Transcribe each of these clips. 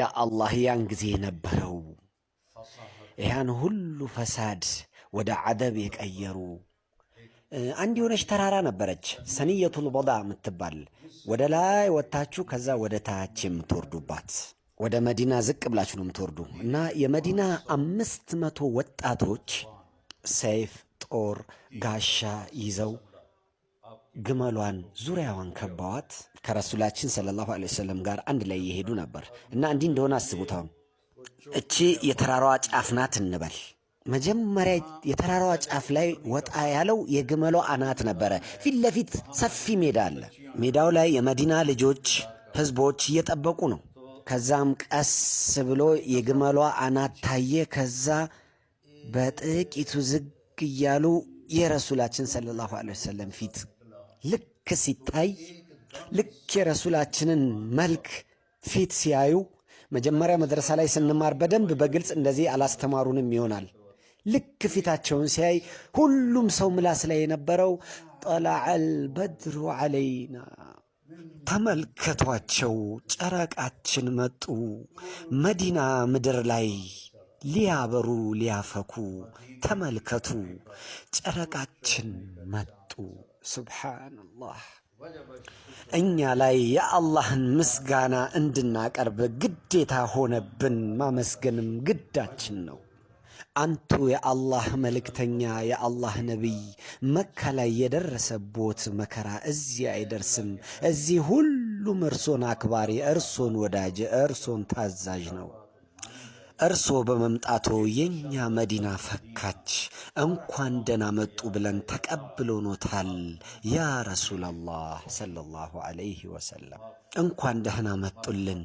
ያ አላህ ያን ጊዜ የነበረው ያን ሁሉ ፈሳድ ወደ አደብ የቀየሩ አንድ የሆነች ተራራ ነበረች፣ ሰንየቱል ቦዳ የምትባል ወደ ላይ ወጥታችሁ ከዛ ወደ ታች የምትወርዱባት ወደ መዲና ዝቅ ብላችሁ ነው የምትወርዱ እና የመዲና አምስት መቶ ወጣቶች ሰይፍ፣ ጦር፣ ጋሻ ይዘው ግመሏን ዙሪያዋን ከባዋት ከረሱላችን ሰለላሁ ዐለይሂ ወሰለም ጋር አንድ ላይ እየሄዱ ነበር እና እንዲህ እንደሆነ አስቡት። አሁን እቺ የተራራዋ ጫፍ ናት እንበል። መጀመሪያ የተራራዋ ጫፍ ላይ ወጣ ያለው የግመሏ አናት ነበረ። ፊት ለፊት ሰፊ ሜዳ አለ። ሜዳው ላይ የመዲና ልጆች ህዝቦች እየጠበቁ ነው። ከዛም ቀስ ብሎ የግመሏ አናት ታየ። ከዛ በጥቂቱ ዝግ እያሉ የረሱላችን ሰለላሁ ዐለይሂ ወሰለም ፊት ልክ ሲታይ ልክ የረሱላችንን መልክ ፊት ሲያዩ መጀመሪያ መድረሳ ላይ ስንማር በደንብ በግልጽ እንደዚህ አላስተማሩንም ይሆናል። ልክ ፊታቸውን ሲያይ ሁሉም ሰው ምላስ ላይ የነበረው ጠላዐል በድሩ ዐለይና ተመልከቷቸው፣ ጨረቃችን መጡ መዲና ምድር ላይ ሊያበሩ ሊያፈኩ፣ ተመልከቱ ጨረቃችን መጡ። ሱብሓነላህ እኛ ላይ የአላህን ምስጋና እንድናቀርብ ግዴታ ሆነብን። ማመስገንም ግዳችን ነው። አንቱ የአላህ መልእክተኛ የአላህ ነቢይ መካ ላይ የደረሰቦት መከራ እዚህ አይደርስም። እዚህ ሁሉም እርሶን አክባሪ፣ እርሶን ወዳጅ፣ እርሶን ታዛዥ ነው። እርስዎ በመምጣቶ የእኛ መዲና ፈካች። እንኳን ደህና መጡ ብለን ተቀብሎኖታል። ያ ረሱላላህ ሰለላሁ አለይህ ወሰለም እንኳን ደህና መጡልን፣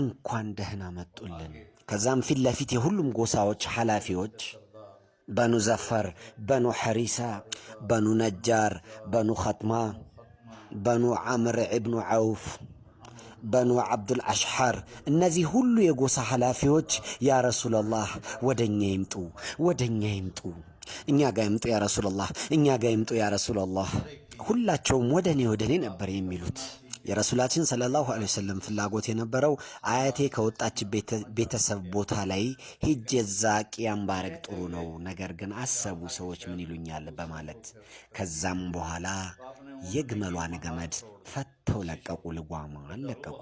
እንኳን ደህና መጡልን። ከዛም ፊት ለፊት የሁሉም ጎሳዎች ኃላፊዎች በኑ ዘፈር፣ በኑ ሐሪሳ፣ በኑ ነጃር፣ በኑ ኸትማ፣ በኑ ዓምር ኢብኑ ዐውፍ በኑ ዐብዱል አሽሓር እነዚህ ሁሉ የጎሳ ኃላፊዎች ያ ረሱለላህ ወደኛ ይምጡ፣ ወደኛ ይምጡ፣ እኛ ጋ ይምጡ፣ ያ ረሱለላህ፣ እኛ ጋ ይምጡ፣ ያ ረሱለላህ። ሁላቸውም ወደ እኔ ወደ እኔ ነበር የሚሉት። የረሱላችን ሰለላሁ ዐለይሂ ወሰለም ፍላጎት የነበረው አያቴ ከወጣች ቤተሰብ ቦታ ላይ ሂጅ እዛ ቅያም ባረግ ጥሩ ነው፣ ነገር ግን አሰቡ ሰዎች ምን ይሉኛል በማለት ከዛም በኋላ የግመሏን ገመድ ፈት ተው ለቀቁ። ልጓማን ለቀቁ።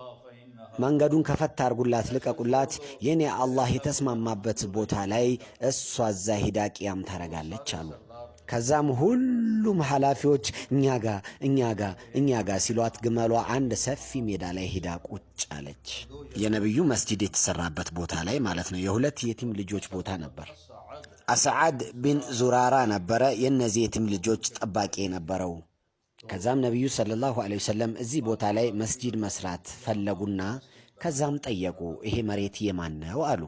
መንገዱን ከፈት አርጉላት፣ ልቀቁላት። የኔ አላህ የተስማማበት ቦታ ላይ እሷ እዛ ሂዳ ቅያም ታረጋለች አሉ። ከዛም ሁሉም ኃላፊዎች እኛ ጋ እኛ ጋ እኛ ጋ ሲሏት ግመሏ አንድ ሰፊ ሜዳ ላይ ሂዳ ቁጭ አለች። የነቢዩ መስጂድ የተሰራበት ቦታ ላይ ማለት ነው። የሁለት የቲም ልጆች ቦታ ነበር። አስዓድ ቢን ዙራራ ነበረ የእነዚህ የቲም ልጆች ጠባቂ የነበረው። ከዛም ነቢዩ ሰለላሁ ዐለይሂ ወሰለም እዚህ ቦታ ላይ መስጂድ መስራት ፈለጉና ከዛም ጠየቁ፣ ይሄ መሬት የማን ነው አሉ።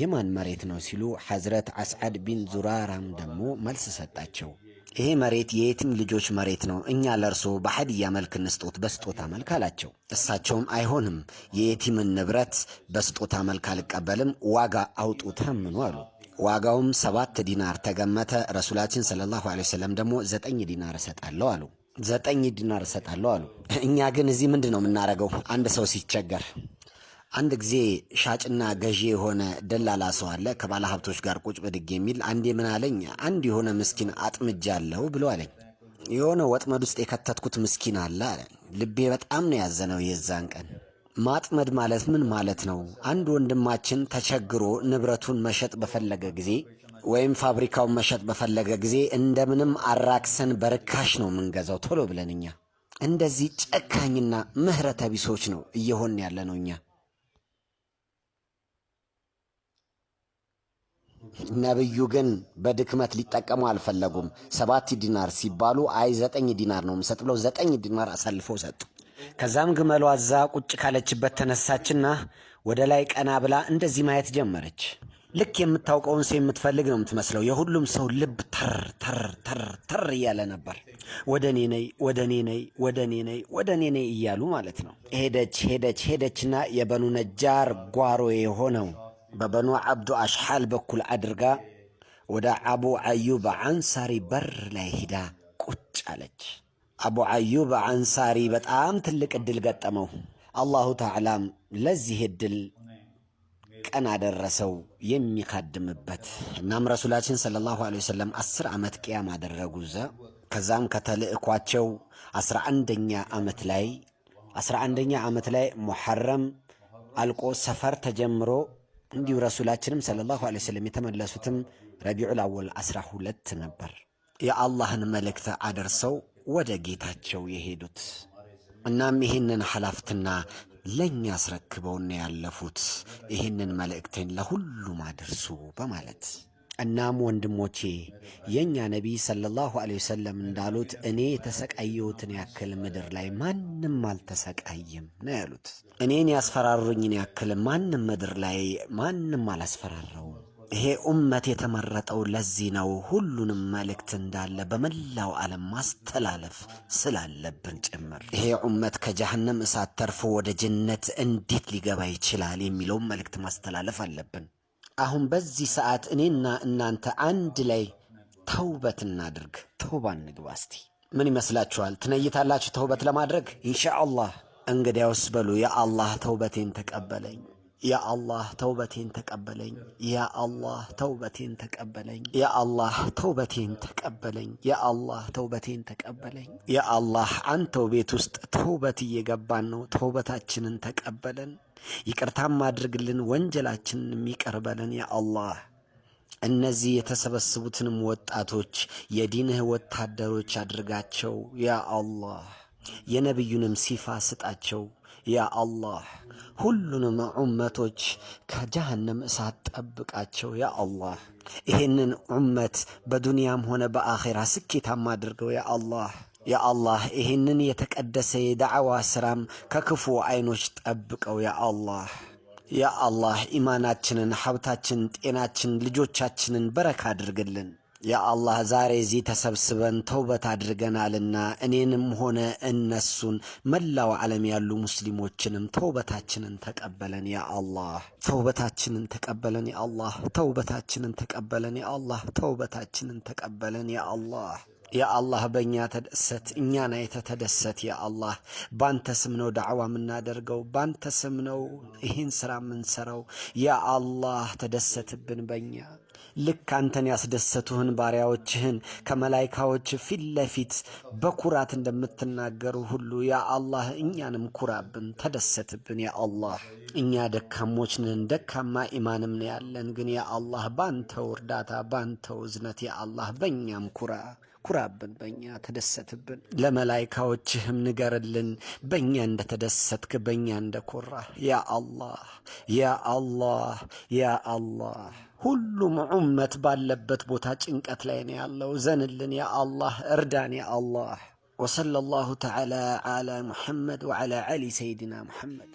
የማን መሬት ነው ሲሉ ሐዝረት አስዓድ ቢን ዙራራም ደግሞ መልስ ሰጣቸው። ይሄ መሬት የየቲም ልጆች መሬት ነው፣ እኛ ለእርሶ በሀድያ መልክ እንስጦት፣ በስጦታ መልክ አላቸው። እሳቸውም አይሆንም፣ የየቲምን ንብረት በስጦታ መልክ አልቀበልም፣ ዋጋ አውጡ ተምኑ አሉ። ዋጋውም ሰባት ዲናር ተገመተ። ረሱላችን ሰለላሁ ዐለይሂ ወሰለም ደግሞ ዘጠኝ ዲናር እሰጣለሁ አሉ። ዘጠኝ ዲናር እሰጣለሁ አሉ። እኛ ግን እዚህ ምንድን ነው የምናደርገው? አንድ ሰው ሲቸገር አንድ ጊዜ ሻጭና ገዢ የሆነ ደላላ ሰው አለ ከባለ ሀብቶች ጋር ቁጭ ብድግ የሚል አንዴ ምን አለኝ፣ አንድ የሆነ ምስኪን አጥምጃለሁ ብሎ አለኝ። የሆነ ወጥመድ ውስጥ የከተትኩት ምስኪን አለ አለ። ልቤ በጣም ነው ያዘነው የዛን ቀን። ማጥመድ ማለት ምን ማለት ነው? አንድ ወንድማችን ተቸግሮ ንብረቱን መሸጥ በፈለገ ጊዜ ወይም ፋብሪካውን መሸጥ በፈለገ ጊዜ እንደምንም አራክሰን በርካሽ ነው የምንገዛው ቶሎ ብለን እኛ። እንደዚህ ጨካኝና ምሕረተ ቢሶች ነው እየሆን ያለ ነው እኛ። ነብዩ ግን በድክመት ሊጠቀሙ አልፈለጉም። ሰባት ዲናር ሲባሉ አይ ዘጠኝ ዲናር ነው ምሰጥ ብለው ዘጠኝ ዲናር አሳልፈው ሰጡ። ከዛም ግመሏ እዛ ቁጭ ካለችበት ተነሳችና ወደ ላይ ቀና ብላ እንደዚህ ማየት ጀመረች። ልክ የምታውቀውን ሰው የምትፈልግ ነው የምትመስለው። የሁሉም ሰው ልብ ተር ተር ተር ተር እያለ ነበር። ወደ እኔ ነይ፣ ወደ እኔ ነይ፣ ወደ እኔ ነይ፣ ወደ እኔ ነይ እያሉ ማለት ነው። ሄደች ሄደች ሄደችና የበኑ ነጃር ጓሮ የሆነው በበኑ አብዱ አሽሓል በኩል አድርጋ ወደ አቡ አዩብ አንሳሪ በር ላይ ሂዳ ቁጭ አለች። አቡ አዩብ አንሳሪ በጣም ትልቅ እድል ገጠመው። አላሁ ተዓላም ለዚህ እድል ቀን አደረሰው የሚካድምበት። እናም ረሱላችን ሰለላሁ ዐለይሂ ወሰለም አስር ዓመት ቅያም አደረጉ ዘ ከዛም ከተልእኳቸው አስራ አንደኛ ዓመት ላይ አስራ አንደኛ ዓመት ላይ ሙሐረም አልቆ ሰፈር ተጀምሮ እንዲሁ ረሱላችንም ሰለላሁ ዐለይሂ ወሰለም የተመለሱትም ረቢዑል አወል አስራ ሁለት ነበር። የአላህን መልእክት አደርሰው ወደ ጌታቸው የሄዱት እናም ይህንን ሐላፍትና ለእኛ አስረክበውና ያለፉት ይህንን መልእክቴን ለሁሉም አድርሱ በማለት እናም ወንድሞቼ የእኛ ነቢይ ሰለላሁ ዐለይሂ ወሰለም እንዳሉት እኔ የተሰቃየሁትን ያክል ምድር ላይ ማንም አልተሰቃይም ነው ያሉት። እኔን ያስፈራሩኝን ያክል ማንም ምድር ላይ ማንም አላስፈራረው ይሄ ኡመት የተመረጠው ለዚህ ነው። ሁሉንም መልእክት እንዳለ በመላው ዓለም ማስተላለፍ ስላለብን ጭምር ይሄ ኡመት ከጀሃነም እሳት ተርፎ ወደ ጀነት እንዴት ሊገባ ይችላል የሚለውን መልእክት ማስተላለፍ አለብን። አሁን በዚህ ሰዓት እኔና እናንተ አንድ ላይ ተውበት እናድርግ። ተውባ እንግባ። እስቲ ምን ይመስላችኋል? ትነይታላችሁ ተውበት ለማድረግ ኢንሻአላህ። እንግዲያውስ በሉ የአላህ ተውበቴን ተቀበለኝ ያአላህ ተውበቴን ተቀበለኝ፣ ያአላህ ተውበቴን ተቀበለኝ፣ ያአላህ ተውበቴን ተቀበለኝ፣ ያአላህ ተውበቴን ተቀበለኝ። ያአላህ አንተው ቤት ውስጥ ተውበት እየገባን ነው። ተውበታችንን ተቀበለን፣ ይቅርታም አድርግልን፣ ወንጀላችንን የሚቀርበልን ያአላህ እነዚህ የተሰበሰቡትንም ወጣቶች የዲንህ ወታደሮች አድርጋቸው ያአላህ። የነቢዩንም ሲፋ ስጣቸው ያ አላህ ሁሉንም ዑመቶች ከጀሃንም እሳት ጠብቃቸው። ያ አላህ ይህንን ዑመት በዱንያም ሆነ በአኼራ ስኬታማ አድርገው። ያ አላህ ያ አላህ ይህንን የተቀደሰ የዳዕዋ ስራም ከክፉ አይኖች ጠብቀው። ያ አላህ ያ አላህ ኢማናችንን፣ ሀብታችን ጤናችንን፣ ልጆቻችንን በረካ አድርግልን። የአላህ ዛሬ እዚህ ተሰብስበን ተውበት አድርገናልና እኔንም ሆነ እነሱን መላው ዓለም ያሉ ሙስሊሞችንም ተውበታችንን ተቀበለን። ያ ተውበታችንን ተቀበለን። ያ ተውበታችንን ተቀበለን። ያ ተውበታችንን ተቀበለን። ያ የአላህ በእኛ ተደሰት፣ እኛን አይተ ተደሰት። የአላህ ባንተ ስም ነው ዳዕዋ የምናደርገው፣ ባንተ ስም ነው ይህን ስራ የምንሰራው። የአላህ ተደሰትብን በእኛ ልክ አንተን ያስደሰቱህን ባሪያዎችህን ከመላይካዎች ፊት ለፊት በኩራት እንደምትናገሩ ሁሉ ያ አላህ እኛንም ኩራብን፣ ተደሰትብን። ያ አላህ እኛ ደካሞች ነን፣ ደካማ ኢማንም ነው ያለን። ግን ያ አላህ ባንተው እርዳታ፣ ባንተው እዝነት ያ አላህ በእኛም ኩራ ኩራብን በእኛ ተደሰትብን። ለመላይካዎችህም ንገርልን በእኛ እንደተደሰትክ በእኛ እንደኮራህ ያ አላህ ያ አላህ ያ አላህ ሁሉም ኡመት ባለበት ቦታ ጭንቀት ላይ ነው ያለው። ዘንልን የአላህ እርዳን የአላህ ወሰለላሁ ተዓላ ዓላ ሙሐመድ ወዓላ አሊ ሰይድና ሙሐመድ